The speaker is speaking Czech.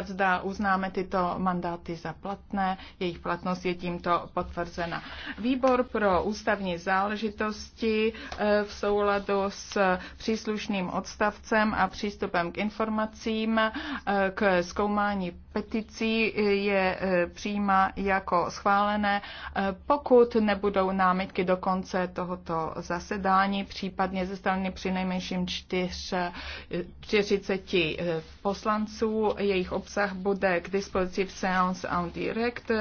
zda uznáme tyto mandáty za platné. Jejich platnost je tímto potvrzena. Výbor pro ústavní záležitosti e, v souladu s příslušným odstavcem a přístupem k informacím e, k zkoumání peticí eh, je eh, přijímá jako schválené, eh, pokud nebudou námitky do konce tohoto zasedání, případně ze strany přinejmenším 40 poslanců. Jejich obsah bude k dispozici v Seance on Direct.